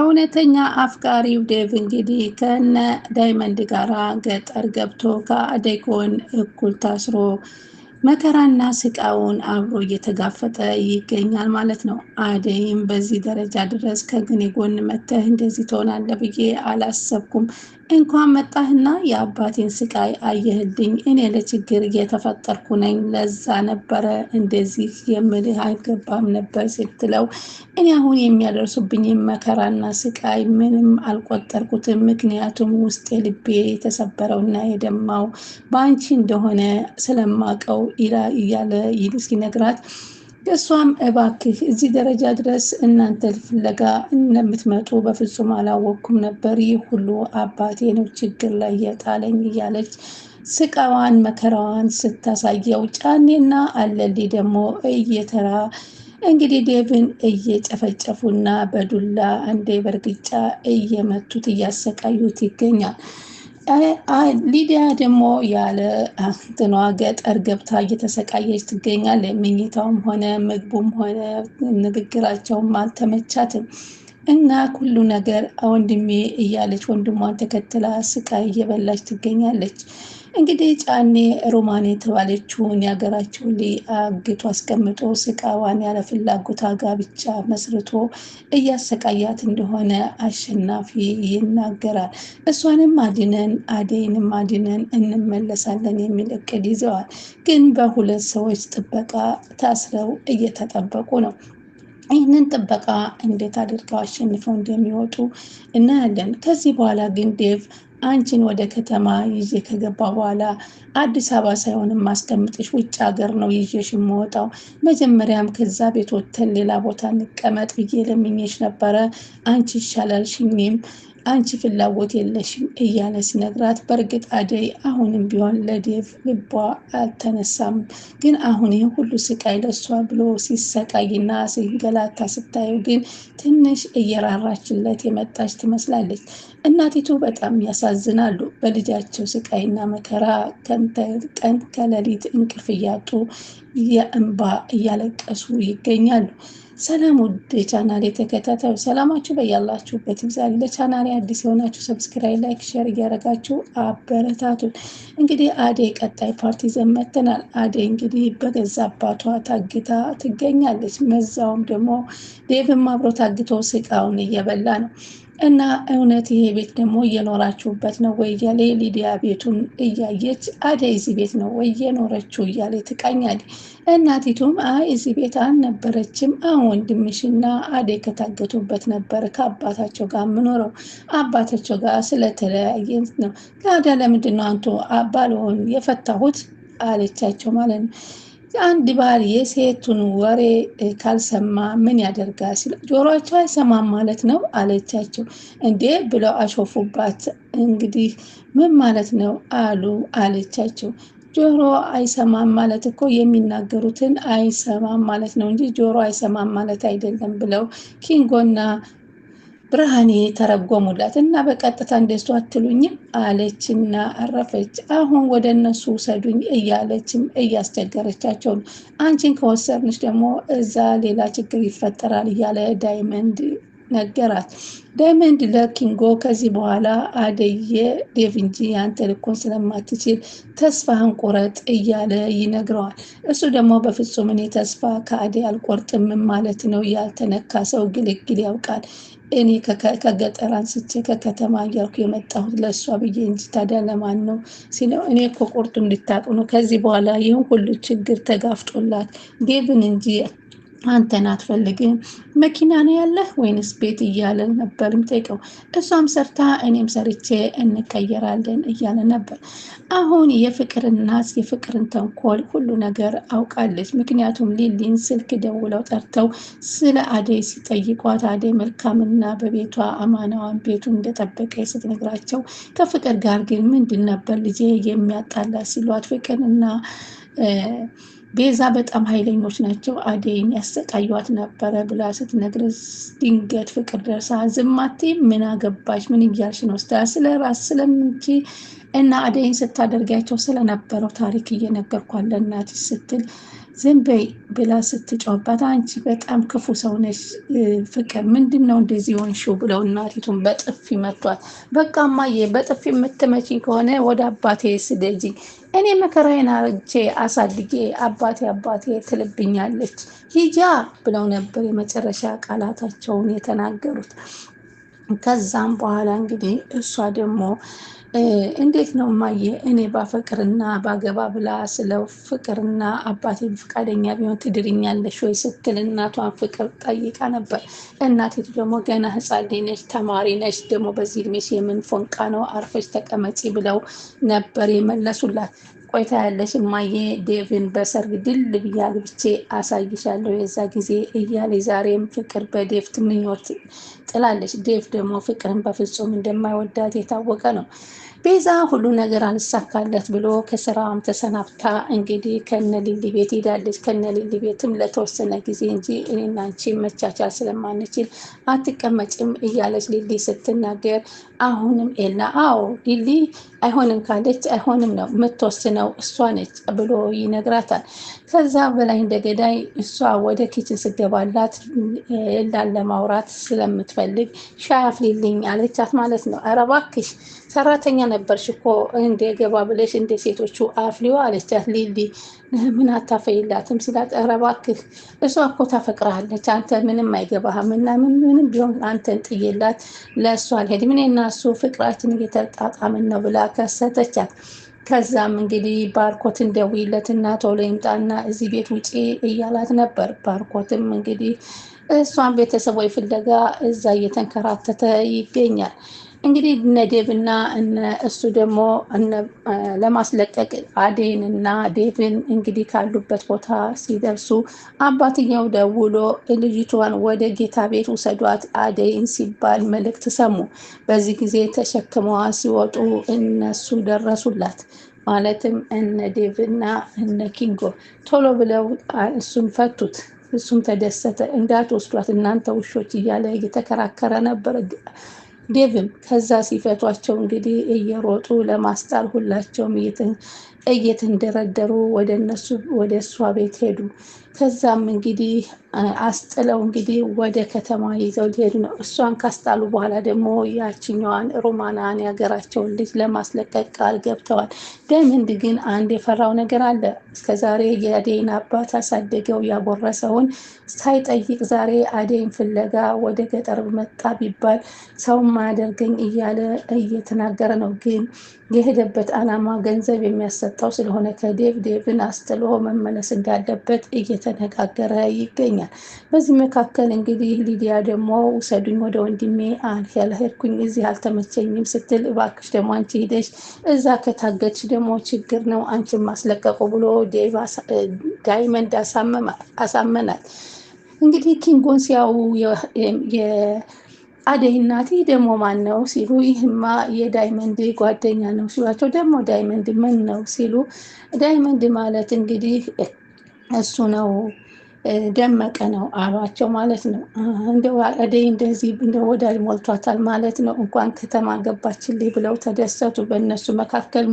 እውነተኛ አፍቃሪው ዴቭ እንግዲህ ከነ ዳይመንድ ጋራ ገጠር ገብቶ ከአደይ ጎን እኩል ታስሮ መከራና ስቃውን አብሮ እየተጋፈጠ ይገኛል ማለት ነው። አደይም በዚህ ደረጃ ድረስ ከግኔ ጎን መተህ እንደዚህ ትሆናለህ ብዬ አላሰብኩም፣ እንኳን መጣህና የአባቴን ስቃይ አየህልኝ። እኔ ለችግር እየተፈጠርኩ ነኝ። ለዛ ነበረ እንደዚህ የምልህ አይገባም ነበር ስትለው እኔ አሁን የሚያደርሱብኝ መከራና ስቃይ ምንም አልቆጠርኩትም። ምክንያቱም ውስጤ ልቤ የተሰበረውና የደማው በአንቺ እንደሆነ ስለማቀው እያለ ሲነግራት እሷም እባክህ እዚህ ደረጃ ድረስ እናንተ ፍለጋ እንደምትመጡ በፍጹም አላወቅኩም ነበር። ይህ ሁሉ አባቴ ነው ችግር ላይ የጣለኝ እያለች ስቃዋን መከራዋን ስታሳየው፣ ጫኔና አለሊ ደግሞ እየተራ እንግዲህ ዴቭን እየጨፈጨፉና በዱላ እንደ በርግጫ እየመቱት እያሰቃዩት ይገኛል። ሊዲያ ደግሞ ያለ እንትኗ ገጠር ገብታ እየተሰቃየች ትገኛለች። ምኝታውም ሆነ ምግቡም ሆነ ንግግራቸውም አልተመቻትም። እና ሁሉ ነገር ወንድሜ እያለች ወንድሟን ተከትላ ስቃይ እየበላች ትገኛለች። እንግዲህ ጫኔ ሮማኔ የተባለችውን የሀገራቸው ላይ አግቶ አስቀምጦ ስቃዋን ያለ ፍላጎት ጋብቻ መስርቶ እያሰቃያት እንደሆነ አሸናፊ ይናገራል። እሷንም አድነን አደይንም አድነን እንመለሳለን የሚል እቅድ ይዘዋል። ግን በሁለት ሰዎች ጥበቃ ታስረው እየተጠበቁ ነው። ይህንን ጥበቃ እንዴት አድርገው አሸንፈው እንደሚወጡ እናያለን። ከዚህ በኋላ ግን ዴቭ አንቺን ወደ ከተማ ይዤ ከገባ በኋላ አዲስ አበባ ሳይሆን ማስቀምጥሽ ውጭ ሀገር ነው ይዤሽ የምወጣው። መጀመሪያም ከዛ ቤት ወተን ሌላ ቦታ እንቀመጥ ብዬ ለምኜሽ ነበረ። አንቺ ይሻላልሽኝም አንቺ ፍላጎት የለሽም እያለ ሲነግራት፣ በእርግጥ አደይ አሁንም ቢሆን ለዴቭ ልቧ አልተነሳም። ግን አሁን ይህ ሁሉ ስቃይ ለሷ ብሎ ሲሰቃይና ሲንገላታ ስታየው ግን ትንሽ እየራራችለት የመጣች ትመስላለች። እናቲቱ በጣም ያሳዝናሉ። በልጃቸው ስቃይና መከራ ቀን ከሌሊት እንቅልፍ እያጡ የእንባ እያለቀሱ ይገኛሉ። ሰላም ውድ የቻናል የተከታታዩ ሰላማችሁ በያላችሁበት ይብዛል። ለቻናል አዲስ የሆናችሁ ሰብስክራይብ፣ ላይክ፣ ሼር እያደረጋችሁ አበረታቱን። እንግዲህ አደይ ቀጣይ ፓርቲ ዘመተናል። መጥተናል። እንግዲህ በገዛ አባቷ ታግታ ትገኛለች። መዛውም ደግሞ ዴቭም አብሮ ታግቶ ስቃውን እየበላ ነው። እና እውነት ይሄ ቤት ደግሞ እየኖራችሁበት ነው ወይ እያለ ሊዲያ ቤቱን እያየች አደይ እዚህ ቤት ነው ወይ እየኖረችው እያለ ትቃኛል። እናቲቱም አይ እዚህ ቤት አልነበረችም፣ አሁን ወንድምሽና አደይ ከታገቱበት ነበር ከአባታቸው ጋር የምኖረው አባታቸው ጋር ስለተለያየ ነው። ታዲያ ለምንድን ነው አንቱ ባልሆን የፈታሁት አለቻቸው ማለት ነው። አንድ ባል የሴቱን ወሬ ካልሰማ ምን ያደርጋል ሲል ጆሮቸው አይሰማም ማለት ነው አለቻቸው። እንዴ ብለው አሾፉባት። እንግዲህ ምን ማለት ነው አሉ አለቻቸው። ጆሮ አይሰማም ማለት እኮ የሚናገሩትን አይሰማም ማለት ነው እንጂ ጆሮ አይሰማም ማለት አይደለም ብለው ኪንጎና ብርሃኔ ተረጎሙላት እና በቀጥታ እንደሱ አትሉኝም አለችና አረፈች። አሁን ወደ እነሱ ውሰዱኝ እያለችም እያስቸገረቻቸው ነው። አንቺን ከወሰድንሽ ደግሞ እዛ ሌላ ችግር ይፈጠራል እያለ ዳይመንድ ነገራት። ዳይመንድ ለኪንጎ ከዚህ በኋላ አደየ ዴቭ ያንተ ልኮን ስለማትችል ተስፋህን ቁረጥ እያለ ይነግረዋል። እሱ ደግሞ በፍጹም እኔ ተስፋ ከአዴ አልቆርጥም ማለት ነው ያልተነካ ሰው ግልግል ያውቃል። እኔ ከገጠር አንስቼ ከከተማ እያልኩ የመጣሁት ለእሷ ብዬ እንጂ ታዲያ ለማን ነው ሲለው፣ እኔ እኮ ቁርጡን ልታውቅ ነው ከዚህ በኋላ ይህን ሁሉ ችግር ተጋፍጦላት ዴቭን እንጂ አንተን አትፈልግም መኪና ነው ያለህ ወይንስ ቤት እያለ ነበር የሚጠይቀው። እሷም ሰርታ እኔም ሰርቼ እንቀየራለን እያለ ነበር። አሁን የፍቅር እናት የፍቅርን ተንኮል ሁሉ ነገር አውቃለች። ምክንያቱም ሊሊን ስልክ ደውለው ጠርተው ስለ አደይ ሲጠይቋት አደይ መልካምና በቤቷ አማናዋን ቤቱ እንደጠበቀ ስትነግራቸው ከፍቅር ጋር ግን ምንድን ነበር ልጄ የሚያጣላ ሲሏት ፍቅርና ቤዛ በጣም ኃይለኞች ናቸው፣ አደይን ያሰቃየዋት ነበረ ብላ ስትነግር ድንገት ፍቅር ደርሳ ዝማቴ ምን አገባሽ? ምን እያልሽ ነው? ስለ ራስ ስለምንቺ እና አደይን ስታደርጋቸው ስለነበረው ታሪክ እየነገርኳለ እናት ስትል ዝም በይ ብላ ስትጮባት፣ አንቺ በጣም ክፉ ሰው ነሽ ፍቅር፣ ምንድን ነው እንደዚህ ሆንሽው? ብለው እናቲቱን በጥፊ መቷት በቃ እማዬ በጥፊ የምትመቺ ከሆነ ወደ አባቴ ስደጂ፣ እኔ መከራዬን አርጄ አሳድጌ አባቴ አባቴ ትልብኛለች ሂጃ ብለው ነበር የመጨረሻ ቃላታቸውን የተናገሩት። ከዛም በኋላ እንግዲህ እሷ ደግሞ እንዴት ነው ማየ እኔ ባፈቅርና ባገባ ብላ ስለው ፍቅርና አባቴን ፈቃደኛ ቢሆን ትድርኛለሽ ወይ ስትል እናቷን ፍቅር ጠይቃ ነበር። እናቴቱ ደግሞ ገና ሕፃን ነች፣ ተማሪ ነች፣ ደግሞ በዚህ እድሜሽ የምን ፎንቃ ነው አርፈች ተቀመጪ ብለው ነበር የመለሱላት። ቆይታ ያለሽ እማዬ ዴቭን በሰርግ ድል ብያ አግብቼ አሳይሻለሁ የዛ ጊዜ እያለ ዛሬም ፍቅር በዴቭ ትምኞት ጥላለች። ዴቭ ደግሞ ፍቅርን በፍጹም እንደማይወዳት የታወቀ ነው። ቤዛ ሁሉ ነገር አልሳካለት ብሎ ከስራም ተሰናብታ እንግዲህ ከነ ሊሊ ቤት ሄዳለች። ከነ ሊሊ ቤትም ለተወሰነ ጊዜ እንጂ እኔና አንቺ መቻቻል ስለማንችል አትቀመጭም እያለች ሊሊ ስትናገር፣ አሁንም ኤላ አዎ ሊሊ አይሆንም ካለች አይሆንም ነው የምትወስነው እሷ ነች ብሎ ይነግራታል። ከዛ በላይ እንደገዳይ እሷ ወደ ኪችን ስገባላት ኤላን ለማውራት ስለምትፈልግ ሻይ አፍሊልኝ አለቻት ማለት ነው። ኧረ እባክሽ ሰራተኛ ነበርሽ እኮ እንደ ገባ ብለሽ እንደ ሴቶቹ አፍሊዋ አለቻት። ሊሊ ምን አታፈይላትም ሲላት፣ ኧረ እባክህ እሷ እኮ ታፈቅርሃለች፣ አንተ ምንም አይገባህም እና ምንም ቢሆን አንተን ጥዬላት ለእሷ አልሄድም፣ እኔ እና እሱ ፍቅራችን እየተጣጣምን ነው ብላ ከሰተቻት። ከዛም እንግዲህ ባርኮት እንደውይለት እና ቶሎ ይምጣና እዚህ ቤት ውጪ እያላት ነበር። ባርኮትም እንግዲህ እሷን ቤተሰቦች ፍለጋ እዛ እየተንከራተተ ይገኛል። እንግዲህ እነ ዴቭና እሱ ደግሞ ለማስለቀቅ አዴን እና ዴቭን እንግዲህ ካሉበት ቦታ ሲደርሱ አባትየው ደውሎ ልጅቷን ወደ ጌታ ቤት ውሰዷት አዴን ሲባል መልእክት ሰሙ። በዚህ ጊዜ ተሸክመዋ ሲወጡ እነሱ ደረሱላት። ማለትም እነ ዴቭና እነ ኪንጎ ቶሎ ብለው እሱን ፈቱት። እሱም ተደሰተ። እንዳትወስዷት እናንተ ውሾች እያለ እየተከራከረ ነበር ዴቭም ከዛ ሲፈቷቸው እንግዲህ እየሮጡ ለማስጣል ሁላቸውም እየተንደረደሩ ወደ እነሱ ወደ እሷ ቤት ሄዱ። ከዛም እንግዲህ አስጥለው እንግዲህ ወደ ከተማ ይዘው ሊሄዱ ነው። እሷን ካስጣሉ በኋላ ደግሞ ያችኛዋን ሮማናን የሀገራቸውን ልጅ ለማስለቀቅ ቃል ገብተዋል። ዳይመንድ ግን አንድ የፈራው ነገር አለ። እስከዛሬ የአደይን አባት አሳደገው ያጎረሰውን ሳይጠይቅ ዛሬ አደይን ፍለጋ ወደ ገጠር መጣ ቢባል ሰው ማያደርገኝ እያለ እየተናገረ ነው። ግን የሄደበት ዓላማ ገንዘብ የሚያሰጥ እየሰጠው ስለሆነ ከዴቭ ዴቭን አስጥሎ መመለስ እንዳለበት እየተነጋገረ ይገኛል። በዚህ መካከል እንግዲህ ሊዲያ ደግሞ ውሰዱኝ ወደ ወንድሜ አልክ ያልሄድኩኝ እዚህ አልተመቸኝም ስትል እባክሽ ደግሞ አንቺ ሂደሽ እዛ ከታገች ደግሞ ችግር ነው አንቺ ማስለቀቁ ብሎ ዴቭ ዳይመንድ አሳመናል። እንግዲህ ኪንጎን ሲያው አደይ እናቴ ደግሞ ማን ነው ሲሉ፣ ይህማ የዳይመንድ ጓደኛ ነው ሲሏቸው፣ ደግሞ ዳይመንድ ምን ነው ሲሉ፣ ዳይመንድ ማለት እንግዲህ እሱ ነው ደመቀ ነው አሏቸው ማለት ነው። እንደው አደይ እንደዚህ ወዳጅ ሞልቷታል ማለት ነው። እንኳን ከተማ ገባችልኝ ብለው ተደሰቱ። በእነሱ መካከል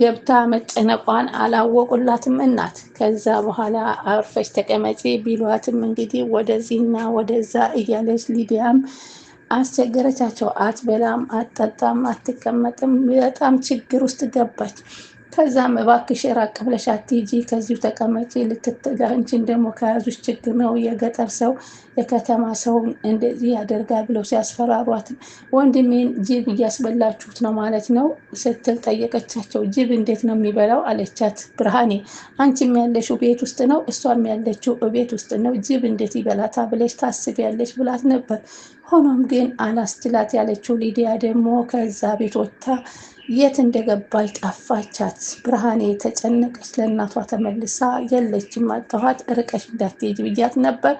ገብታ መጨነቋን አላወቁላትም እናት። ከዛ በኋላ አርፈች ተቀመጪ ቢሏትም እንግዲህ ወደዚህና ወደዛ እያለች ሊዲያም አስቸገረቻቸው። አትበላም፣ አትጠጣም፣ አትቀመጥም። በጣም ችግር ውስጥ ገባች። ከዛም እባክሽ ራቅ ብለሽ አትሂጂ፣ ከዚሁ ተቀመጪ። አንቺን ደግሞ ከያዙች ችግር ነው። የገጠር ሰው የከተማ ሰው እንደዚህ ያደርጋል ብለው ሲያስፈራሯት ወንድሜን ጅብ እያስበላችሁት ነው ማለት ነው ስትል ጠየቀቻቸው። ጅብ እንዴት ነው የሚበላው አለቻት ብርሃኔ። አንቺም ያለሽው ቤት ውስጥ ነው፣ እሷም ያለችው ቤት ውስጥ ነው። ጅብ እንዴት ይበላታ ብለሽ ታስቢያለሽ ብላት ነበር። ሆኖም ግን አላስችላት ያለችው ሊዲያ ደግሞ ከዛ ቤት ወጥታ የት እንደገባች ጠፋቻት። ብርሃኔ የተጨነቀች ለእናቷ ተመልሳ የለችም፣ አጣኋት፣ ርቀሽ እንዳትሄጂ ብያት ነበር፣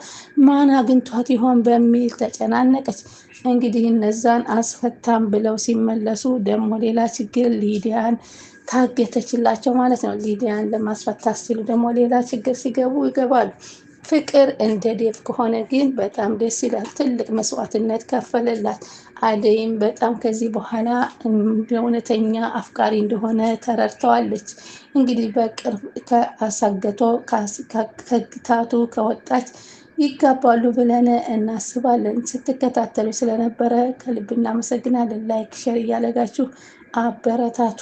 ማን አግኝቷት ይሆን በሚል ተጨናነቀች። እንግዲህ እነዛን አስፈታም ብለው ሲመለሱ ደግሞ ሌላ ችግር ሊዲያን ታገተችላቸው ማለት ነው። ሊዲያን ለማስፈታት ሲሉ ደግሞ ሌላ ችግር ሲገቡ ይገባሉ። ፍቅር እንደ ዴቭ ከሆነ ግን በጣም ደስ ይላል። ትልቅ መስዋዕትነት ከፈለላት። አደይም በጣም ከዚህ በኋላ እውነተኛ አፍቃሪ እንደሆነ ተረድተዋለች። እንግዲህ በቅርብ ከአሳገቶ ከግታቱ ከወጣች ይጋባሉ ብለን እናስባለን። ስትከታተሉ ስለነበረ ከልብ እናመሰግናለን። ላይክ ሸር እያደረጋችሁ አበረታቱ።